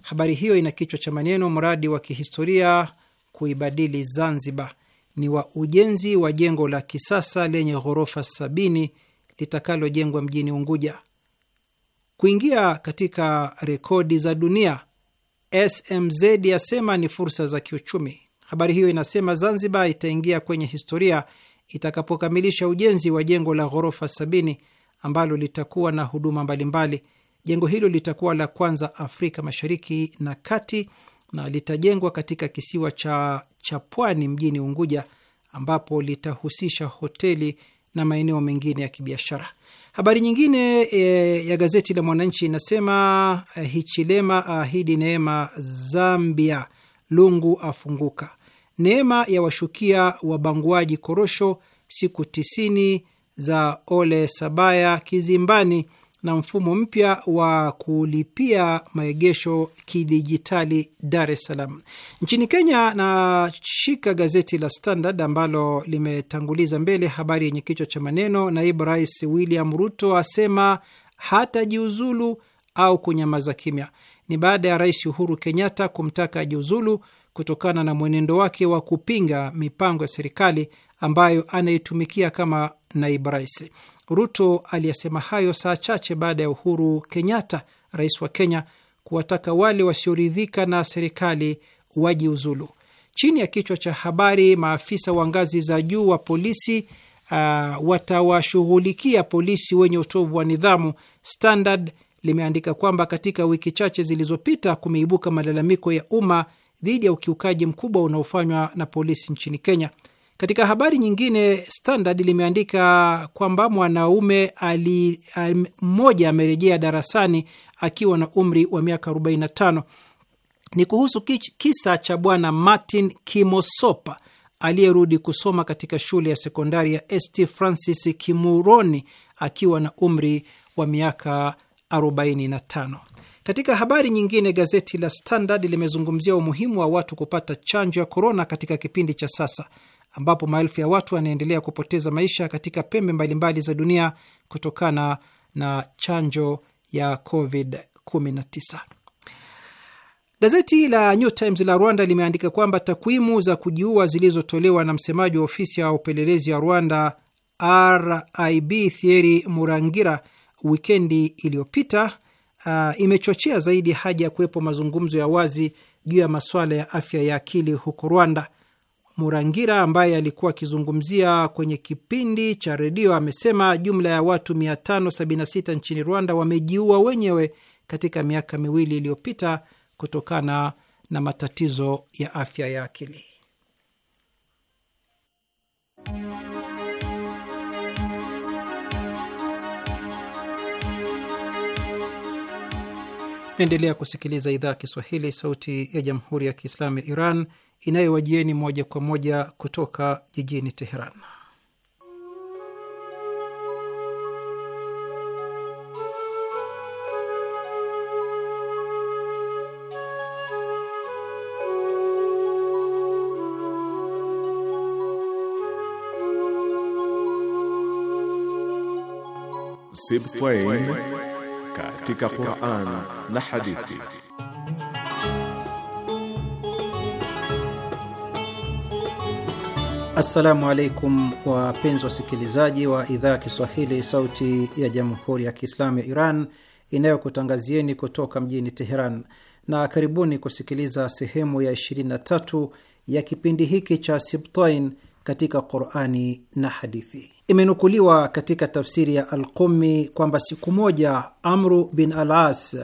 Habari hiyo ina kichwa cha maneno, mradi wa kihistoria kuibadili Zanzibar, ni wa ujenzi wa jengo la kisasa lenye ghorofa sabini litakalojengwa mjini Unguja. Kuingia katika rekodi za dunia, SMZ yasema ni fursa za kiuchumi. Habari hiyo inasema Zanzibar itaingia kwenye historia itakapokamilisha ujenzi wa jengo la ghorofa sabini ambalo litakuwa na huduma mbalimbali. Jengo hilo litakuwa la kwanza Afrika Mashariki na Kati na litajengwa katika kisiwa cha cha Pwani mjini Unguja, ambapo litahusisha hoteli na maeneo mengine ya kibiashara. Habari nyingine e, ya gazeti la Mwananchi inasema e, Hichilema ahidi neema Zambia, Lungu afunguka, neema ya washukia wabanguaji korosho, siku tisini za Ole Sabaya kizimbani, na mfumo mpya wa kulipia maegesho kidijitali Dar es Salaam. Nchini Kenya, na shika gazeti la Standard ambalo limetanguliza mbele habari yenye kichwa cha maneno, naibu rais William Ruto asema hatajiuzulu au kunyamaza kimya. Ni baada ya rais Uhuru Kenyatta kumtaka ajiuzulu kutokana na mwenendo wake wa kupinga mipango ya serikali ambayo anaitumikia kama naibu rais. Ruto aliyasema hayo saa chache baada ya Uhuru Kenyatta, rais wa Kenya, kuwataka wale wasioridhika na serikali wajiuzulu. Chini ya kichwa cha habari, maafisa wa ngazi za juu wa polisi uh, watawashughulikia polisi wenye utovu wa nidhamu, Standard limeandika kwamba katika wiki chache zilizopita kumeibuka malalamiko ya umma dhidi ya ukiukaji mkubwa unaofanywa na polisi nchini Kenya. Katika habari nyingine, Standard limeandika kwamba mwanaume mmoja amerejea darasani akiwa na umri wa miaka 45. Ni kuhusu kisa cha bwana Martin Kimosopa aliyerudi kusoma katika shule ya sekondari ya St Francis Kimuroni akiwa na umri wa miaka 45. Katika habari nyingine, gazeti la Standard limezungumzia umuhimu wa watu kupata chanjo ya korona katika kipindi cha sasa ambapo maelfu ya watu wanaendelea kupoteza maisha katika pembe mbalimbali za dunia kutokana na chanjo ya COVID-19. Gazeti la New Times la Rwanda limeandika kwamba takwimu za kujiua zilizotolewa na msemaji wa ofisi ya upelelezi ya Rwanda RIB Thierry Murangira wikendi iliyopita uh, imechochea zaidi haja ya kuwepo mazungumzo ya wazi juu ya masuala ya afya ya akili huko Rwanda. Murangira ambaye alikuwa akizungumzia kwenye kipindi cha redio amesema jumla ya watu 576 nchini Rwanda wamejiua wenyewe katika miaka miwili iliyopita kutokana na matatizo ya afya ya akili. Naendelea kusikiliza idhaa ya Kiswahili, sauti ya jamhuri ya kiislamu ya Iran inayowajieni moja kwa moja kutoka jijini Teheran. Sibtain katika Qur'an na hadithi. Assalamu alaikum wapenzi wasikilizaji wa, wa idhaa ya Kiswahili sauti ya jamhuri ya Kiislamu ya Iran inayokutangazieni kutoka mjini Teheran na karibuni kusikiliza sehemu ya 23 ya kipindi hiki cha Sibtain katika Qurani na hadithi. Imenukuliwa katika tafsiri ya Alqumi kwamba siku moja Amru bin Alas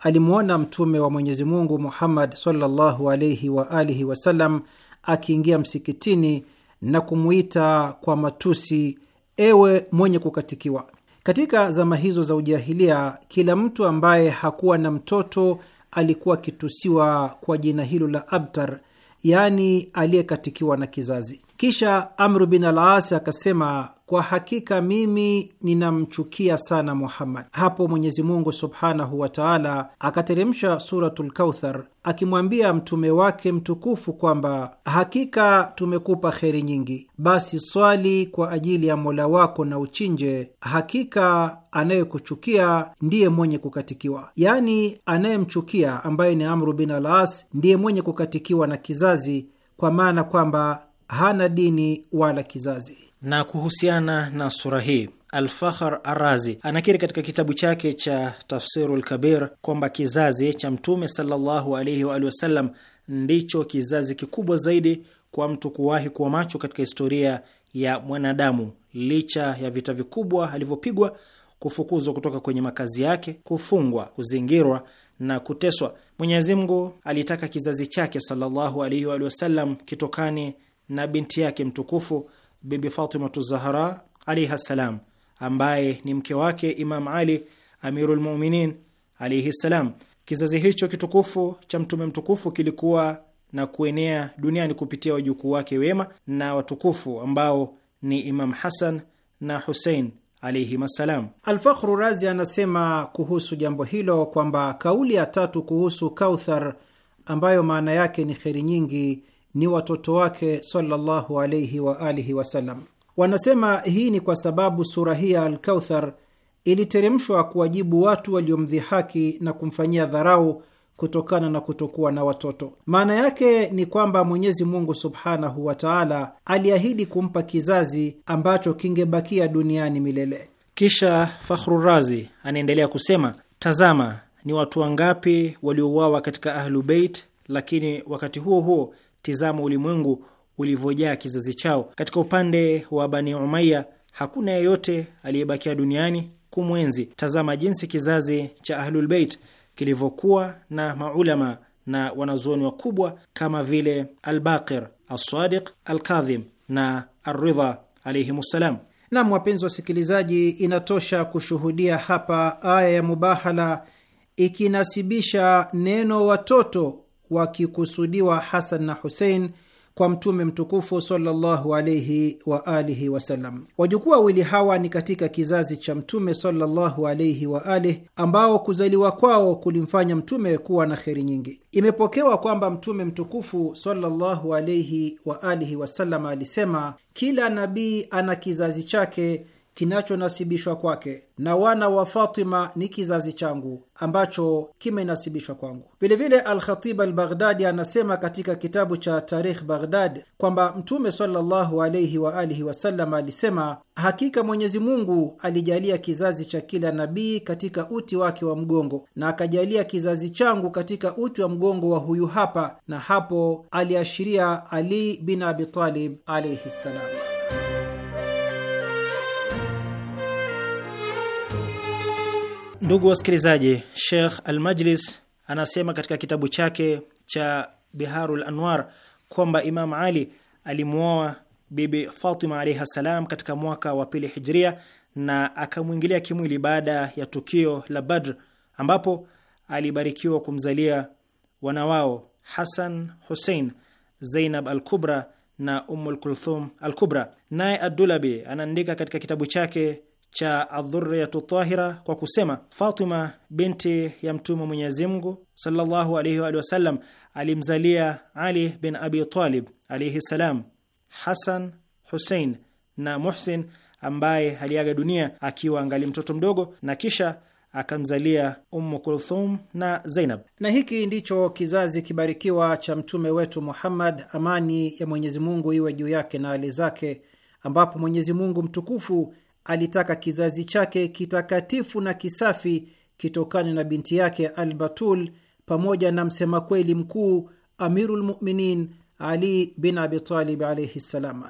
alimwona Mtume wa Mwenyezi Mungu Muhammad sallallahu alaihi wa alihi wasallam akiingia msikitini na kumwita kwa matusi, ewe mwenye kukatikiwa. Katika zama hizo za ujahilia, kila mtu ambaye hakuwa na mtoto alikuwa akitusiwa kwa jina hilo la abtar, yaani aliyekatikiwa na kizazi. Kisha Amru bin al-As akasema, kwa hakika mimi ninamchukia sana Muhammad. Hapo Mwenyezi Mungu subhanahu wa taala akateremsha Suratul Kauthar akimwambia mtume wake mtukufu kwamba hakika tumekupa kheri nyingi, basi swali kwa ajili ya mola wako na uchinje. Hakika anayekuchukia ndiye mwenye kukatikiwa, yaani anayemchukia ambaye ni Amru bin al-As ndiye mwenye kukatikiwa na kizazi, kwa maana kwamba hana dini wala kizazi. Na kuhusiana na sura hii Alfahar Arazi anakiri katika kitabu chake cha Tafsiru lkabir kwamba kizazi cha Mtume sallallahu alaihi waalihi wasallam ndicho kizazi kikubwa zaidi kwa mtu kuwahi kuwa macho katika historia ya mwanadamu, licha ya vita vikubwa alivyopigwa, kufukuzwa kutoka kwenye makazi yake, kufungwa, kuzingirwa na kuteswa. Mwenyezi Mungu alitaka kizazi chake sallallahu alaihi waalihi wasallam kitokane na binti yake mtukufu Bibi Fatimatu Zahra alaihi ssalam, ambaye ni mke wake Imam Ali Amirul Muminin alaihi ssalam. Kizazi hicho kitukufu cha mtume mtukufu kilikuwa na kuenea duniani kupitia wajukuu wake wema na watukufu ambao ni Imam Hasan na Husein alaihim assalam. Alfakhru Razi anasema kuhusu jambo hilo kwamba kauli ya tatu kuhusu Kauthar, ambayo maana yake ni kheri nyingi, ni watoto wake sallallahu alayhi wa alihi wasallam. Wanasema hii ni kwa sababu sura hii ya Alkauthar iliteremshwa kuwajibu watu waliomdhihaki na kumfanyia dharau kutokana na kutokuwa na watoto. Maana yake ni kwamba Mwenyezi Mungu subhanahu wa taala aliahidi kumpa kizazi ambacho kingebakia duniani milele. Kisha Fakhrurazi anaendelea kusema, tazama ni watu wangapi waliouawa katika Ahlubeit, lakini wakati huo huo tizama ulimwengu ulivyojaa kizazi chao. Katika upande wa Bani Umaya hakuna yeyote aliyebakia duniani kumwenzi. Tazama jinsi kizazi cha Ahlulbeit kilivyokuwa na maulama na wanazuoni wakubwa kama vile Albaqir, Alsadiq, Alkadhim na Alridha alaihimssalam. Nam, wapenzi wasikilizaji, inatosha kushuhudia hapa aya ya mubahala ikinasibisha neno watoto wakikusudiwa Hasan na Husein kwa Mtume mtukufu sallallahu alaihi wa alihi wasallam. Wajukuu wawili hawa ni katika kizazi cha Mtume sallallahu alaihi wa alihi, ambao kuzaliwa kwao kulimfanya Mtume kuwa na kheri nyingi. Imepokewa kwamba Mtume mtukufu sallallahu alaihi wa alihi wasallam alisema, kila nabii ana kizazi chake kinachonasibishwa kwake na wana wa Fatima ni kizazi changu ambacho kimenasibishwa kwangu. Vilevile, Alkhatib Albaghdadi anasema katika kitabu cha Tarikh Baghdad kwamba Mtume sallallahu alaihi wa alihi wasallam alisema, hakika Mwenyezi Mungu alijalia kizazi cha kila nabii katika uti wake wa mgongo na akajalia kizazi changu katika uti wa mgongo wa huyu hapa, na hapo aliashiria Ali bin Abitalib alaihi ssalam. Ndugu wasikilizaji, Sheikh Al-Majlis anasema katika kitabu chake cha Biharul Anwar kwamba Imam Ali alimwoa Bibi Fatima alaihi ssalam katika mwaka wa pili Hijria na akamwingilia kimwili baada ya tukio la Badr ambapo alibarikiwa kumzalia wana wao Hasan, Husein, Zainab al-Kubra na Ummul Kulthum al-Kubra. Naye Adulabi anaandika katika kitabu chake cha Adhuriyatu Tahira kwa kusema, Fatima binti ya Mtume Mwenyezi Mungu sallallahu alaihi wa alimzalia Ali bin Abi Talib alaihi salam Hasan, Husein na Muhsin ambaye aliaga dunia akiwa angali mtoto mdogo na kisha akamzalia Ummu Kulthum na Zainab. Na hiki ndicho kizazi kibarikiwa cha mtume wetu Muhammad, amani ya Mwenyezi Mungu iwe juu yake na hali zake, ambapo Mwenyezi Mungu mtukufu alitaka kizazi chake kitakatifu na kisafi kitokane na binti yake Albatul pamoja na msema kweli mkuu amirulmuminin Ali bin Abitalib alaihi ssalam.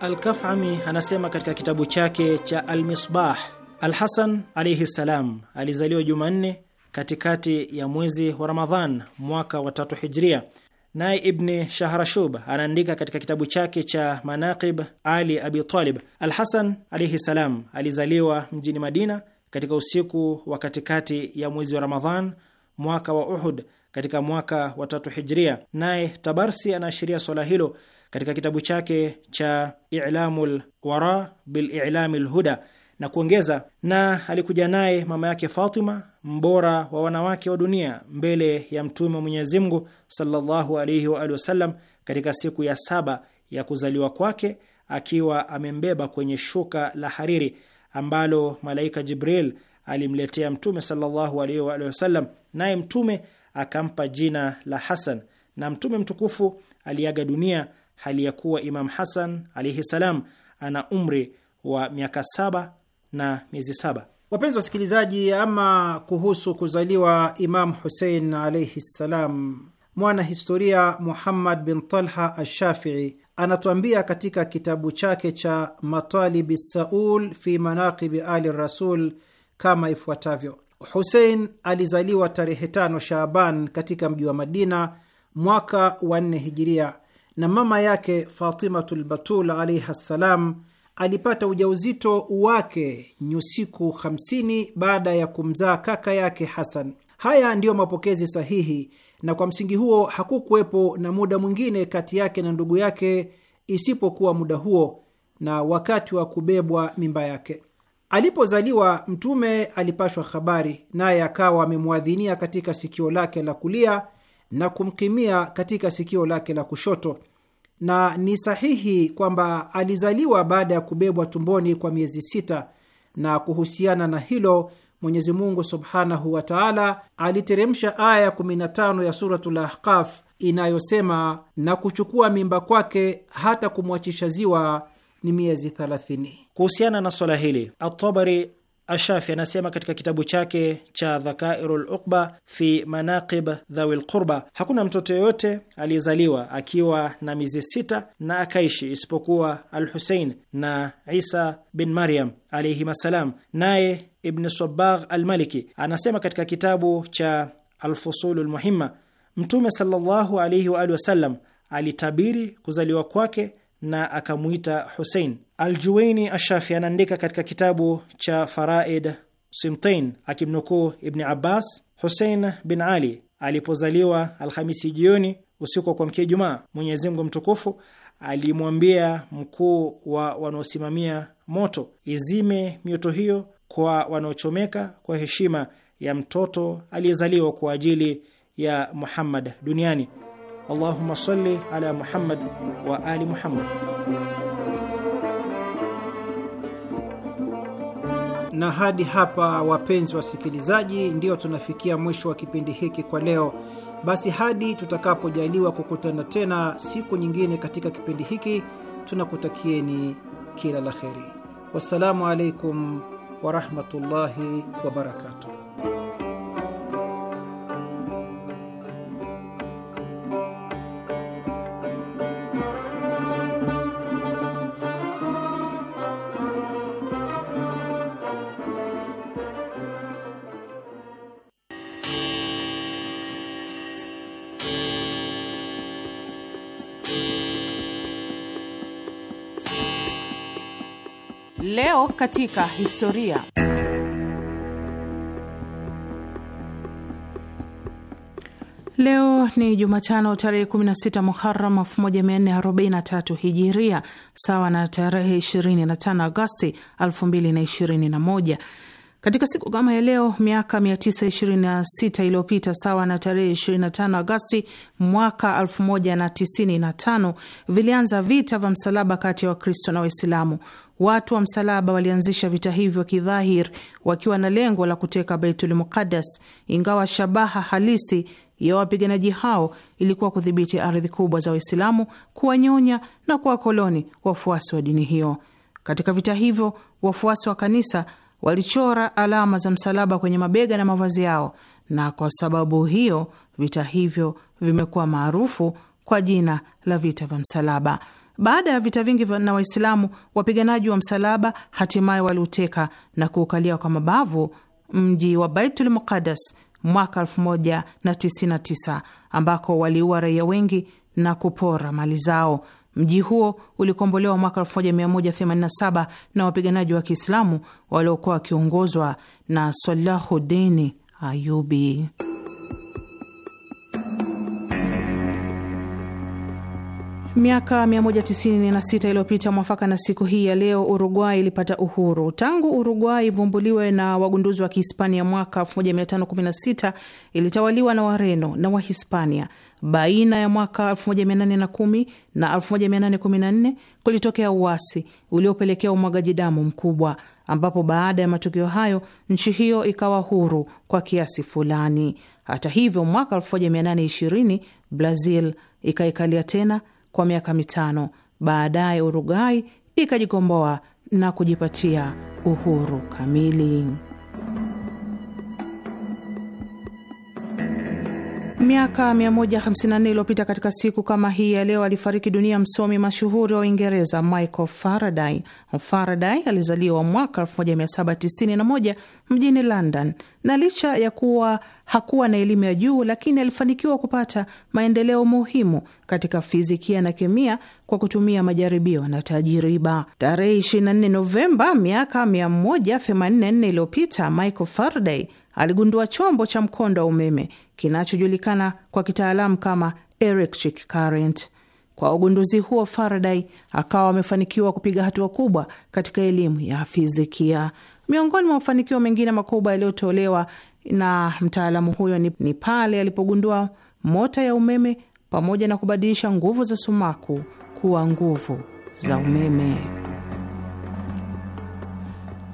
Alkafami anasema katika kitabu chake cha Almisbah, Alhasan alaihi ssalam alizaliwa Jumanne katikati ya mwezi wa Ramadhan mwaka wa tatu hijria Naye Ibni Shahrashub anaandika katika kitabu chake cha Manaqib Ali Abi Talib, Al Hasan alaihi salam alizaliwa mjini Madina katika usiku wa katikati ya mwezi wa Ramadhan mwaka wa Uhud katika mwaka wa tatu Hijria. Naye Tabarsi anaashiria swala hilo katika kitabu chake cha Ilamul Wara Bililami lhuda na kuongeza, na alikuja naye mama yake Fatima, mbora wa wanawake wa dunia, mbele ya mtume wa Mwenyezi Mungu sallallahu alaihi wa alihi wasallam katika siku ya saba ya kuzaliwa kwake, akiwa amembeba kwenye shuka la hariri ambalo malaika Jibril alimletea mtume sallallahu alaihi wa alihi wasallam, naye mtume akampa jina la Hasan. Na mtume mtukufu aliaga dunia hali ya kuwa Imam Hasan alaihi salam ana umri wa miaka saba na miezi saba. Wapenzi wasikilizaji, ama kuhusu kuzaliwa Imam Husein alaihi ssalam, mwana historia Muhammad bin Talha Ashafii anatuambia katika kitabu chake cha Matalibi Saul fi Manaqibi Ali Rasul kama ifuatavyo: Husein alizaliwa tarehe tano Shaaban katika mji wa Madina mwaka wa nne Hijiria, na mama yake Fatimatu Lbatul alaihi ssalam alipata ujauzito wake nyusiku 50 baada ya kumzaa kaka yake Hasan. Haya ndiyo mapokezi sahihi, na kwa msingi huo hakukuwepo na muda mwingine kati yake na ndugu yake isipokuwa muda huo na wakati wa kubebwa mimba yake. Alipozaliwa Mtume alipashwa habari, naye akawa amemwadhinia katika sikio lake la kulia na kumkimia katika sikio lake la kushoto na ni sahihi kwamba alizaliwa baada ya kubebwa tumboni kwa miezi sita, na kuhusiana na hilo Mwenyezi Mungu subhanahu wa taala aliteremsha aya ya 15 ya Suratul Ahqaf inayosema, na kuchukua mimba kwake hata kumwachisha ziwa ni miezi 30. Kuhusiana na swala hili Atabari Ashafi anasema katika kitabu chake cha Dhakairu luqba fi manaqib dhawi lqurba, hakuna mtoto yoyote aliyezaliwa akiwa na miezi sita na akaishi isipokuwa al Husein na Isa bin Maryam alaihim assalam. Naye Ibn Sabagh Almaliki anasema katika kitabu cha Alfusulu lmuhima Mtume sallallahu alaihi waalihi wasallam alitabiri kuzaliwa kwake na akamwita Husein. Aljuweini Ashafi anaandika katika kitabu cha Faraid Simtain akimnukuu Ibni Abbas, Husein bin Ali alipozaliwa Alhamisi jioni usiku wa kuamkia Ijumaa, Mwenyezi Mungu mtukufu alimwambia mkuu wa wanaosimamia moto, izime mioto hiyo kwa wanaochomeka kwa heshima ya mtoto aliyezaliwa kwa ajili ya Muhammad duniani. Allahumma salli ala Muhammad wa ali Muhammad. Na hadi hapa, wapenzi wasikilizaji, ndio tunafikia mwisho wa kipindi hiki kwa leo. Basi hadi tutakapojaliwa kukutana tena siku nyingine katika kipindi hiki, tunakutakieni kila la kheri Wassalamu alaikum warahmatullahi wabarakatuh. Leo katika historia. Leo ni Jumatano tarehe 16 Muharam 1443 Hijiria, sawa na tarehe 25 Agosti 2021. Katika siku kama ya leo miaka 926 iliyopita sawa na tarehe 25 Agosti mwaka 1095 vilianza vita vya msalaba kati ya Wakristo na Waislamu. Watu wa msalaba walianzisha vita hivyo kidhahir, wakiwa na lengo la kuteka Baitul Muqaddas, ingawa shabaha halisi ya wapiganaji hao ilikuwa kudhibiti ardhi kubwa za Waislamu, kuwanyonya na kuwakoloni wafuasi wa dini hiyo. Katika vita hivyo, wafuasi wa kanisa walichora alama za msalaba kwenye mabega na mavazi yao, na kwa sababu hiyo vita hivyo vimekuwa maarufu kwa jina la vita vya msalaba. Baada ya vita vingi na Waislamu, wapiganaji wa msalaba hatimaye waliuteka na kuukalia kwa mabavu mji wa Baitul Muqaddas mwaka 1099 ambako waliua raia wengi na kupora mali zao. Mji huo ulikombolewa mwaka 1187 na wapiganaji wa Kiislamu waliokuwa wakiongozwa na Salahudini Ayubi. Miaka 196 iliyopita mwafaka na siku hii ya leo, Uruguay ilipata uhuru. Tangu Uruguay ivumbuliwe na wagunduzi wa Kihispania mwaka 1516 ilitawaliwa na Wareno na Wahispania. Baina ya mwaka 1810 na 1814 kulitokea uasi uliopelekea umwagaji damu mkubwa, ambapo baada ya matukio hayo nchi hiyo ikawa huru kwa kiasi fulani. Hata hivyo, mwaka 1820 Brazil ikaikalia tena kwa miaka mitano. Baadaye Uruguay ikajikomboa na kujipatia uhuru kamili. Miaka 154 iliyopita katika siku kama hii ya leo alifariki dunia msomi mashuhuri wa Uingereza Michael Faraday. Faraday alizaliwa mwaka 1791 mjini London, na licha ya kuwa hakuwa na elimu ya juu, lakini alifanikiwa kupata maendeleo muhimu katika fizikia na kemia kwa kutumia majaribio na tajiriba. Tarehe 24 Novemba miaka 184 iliyopita Michael Faraday aligundua chombo cha mkondo wa umeme kinachojulikana kwa kitaalamu kama electric current. Kwa ugunduzi huo, Faraday akawa amefanikiwa kupiga hatua kubwa katika elimu ya fizikia. Miongoni mwa mafanikio mengine makubwa yaliyotolewa na mtaalamu huyo ni, ni pale alipogundua mota ya umeme pamoja na kubadilisha nguvu za sumaku kuwa nguvu za umeme.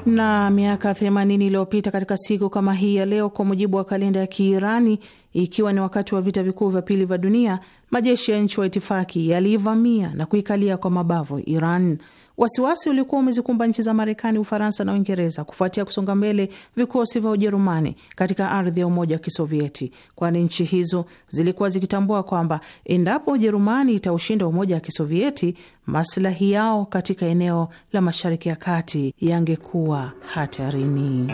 Na miaka 80 iliyopita katika siku kama hii ya leo, kwa mujibu wa kalenda ya Kiirani, ikiwa ni wakati wa vita vikuu vya pili vya dunia, majeshi ya nchi wa itifaki yaliivamia na kuikalia kwa mabavu Iran. Wasiwasi ulikuwa umezikumba nchi za Marekani, Ufaransa na Uingereza kufuatia kusonga mbele vikosi vya Ujerumani katika ardhi ya Umoja wa Kisovieti, kwani nchi hizo zilikuwa zikitambua kwamba endapo Ujerumani itaushinda Umoja wa Kisovieti, maslahi yao katika eneo la Mashariki ya Kati yangekuwa hatarini.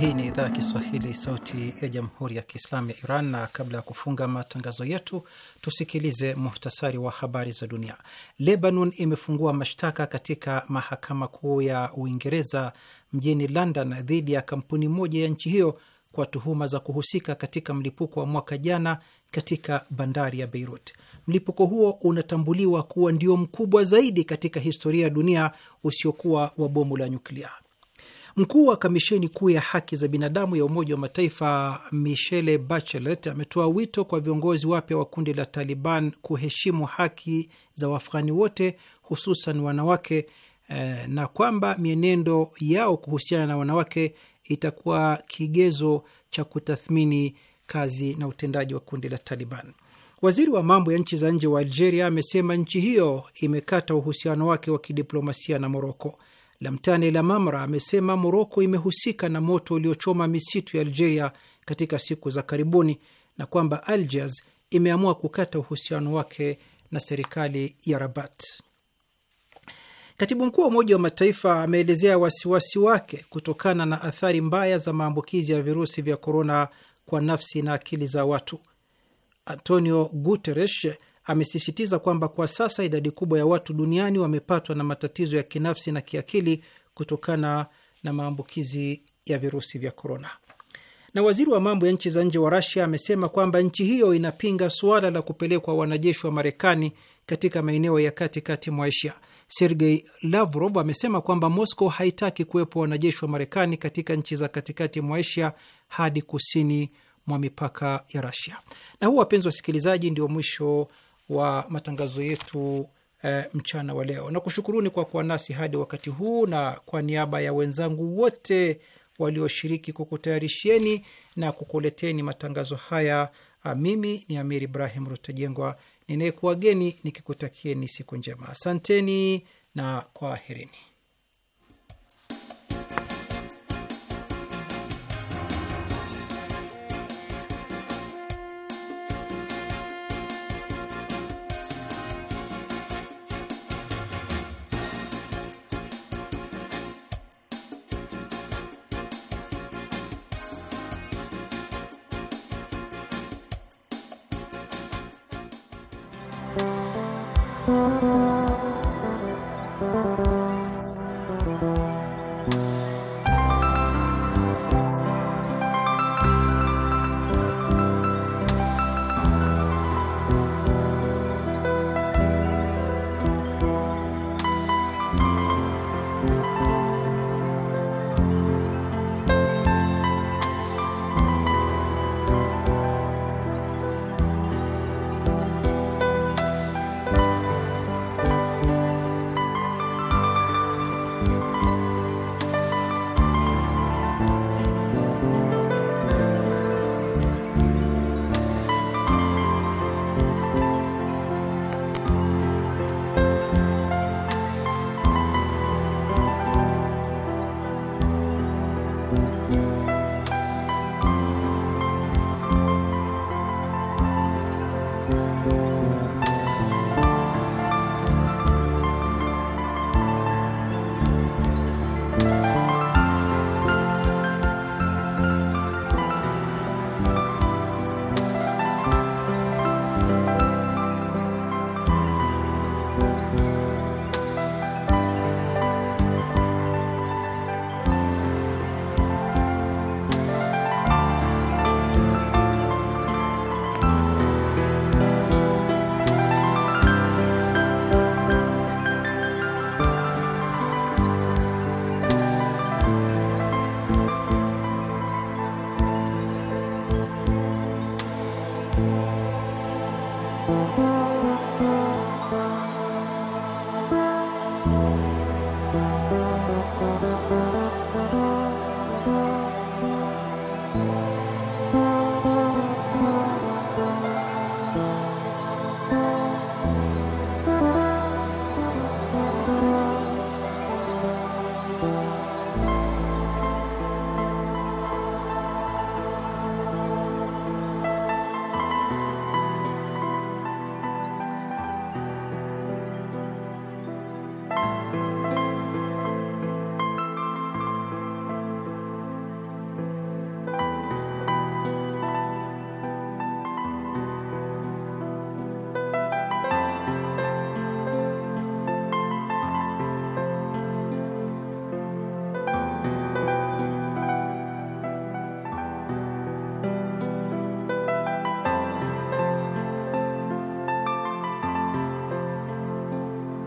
Hii ni idhaa ya Kiswahili, sauti ya jamhuri ya kiislamu ya Iran. Na kabla ya kufunga matangazo yetu, tusikilize muhtasari wa habari za dunia. Lebanon imefungua mashtaka katika mahakama kuu ya Uingereza mjini London dhidi ya kampuni moja ya nchi hiyo kwa tuhuma za kuhusika katika mlipuko wa mwaka jana katika bandari ya Beirut. Mlipuko huo unatambuliwa kuwa ndio mkubwa zaidi katika historia ya dunia usiokuwa wa bomu la nyuklia. Mkuu wa kamisheni kuu ya haki za binadamu ya Umoja wa Mataifa Michelle Bachelet ametoa wito kwa viongozi wapya wa kundi la Taliban kuheshimu haki za Waafghani wote hususan wanawake eh, na kwamba mienendo yao kuhusiana na wanawake itakuwa kigezo cha kutathmini kazi na utendaji wa kundi la Taliban. Waziri wa mambo ya nchi za nje wa Algeria amesema nchi hiyo imekata uhusiano wake wa kidiplomasia na Moroko. Lamtane La Mamra amesema Moroko imehusika na moto uliochoma misitu ya Algeria katika siku za karibuni na kwamba Algiers imeamua kukata uhusiano wake na serikali ya Rabat. Katibu mkuu wa Umoja wa Mataifa ameelezea wasiwasi wake kutokana na athari mbaya za maambukizi ya virusi vya korona kwa nafsi na akili za watu. Antonio Guterres amesisitiza kwamba kwa sasa idadi kubwa ya watu duniani wamepatwa na matatizo ya kinafsi na kiakili kutokana na maambukizi ya virusi vya korona. Na waziri wa mambo ya nchi za nje wa Rasia amesema kwamba nchi hiyo inapinga suala la kupelekwa wanajeshi wa Marekani katika maeneo ya katikati mwa Asia. Sergei Lavrov amesema kwamba Mosco haitaki kuwepo wanajeshi wa Marekani katika nchi za katikati mwa Asia hadi kusini mwa mipaka ya Rasia. Na huu, wapenzi wasikilizaji, ndio mwisho wa matangazo yetu e, mchana wa leo. Nakushukuruni kwa kuwa nasi hadi wakati huu, na kwa niaba ya wenzangu wote walioshiriki kukutayarishieni na kukuleteni matangazo haya, ah, mimi ni Amir Ibrahim Rutajengwa ninayekuwageni nikikutakieni siku njema. Asanteni na kwaherini.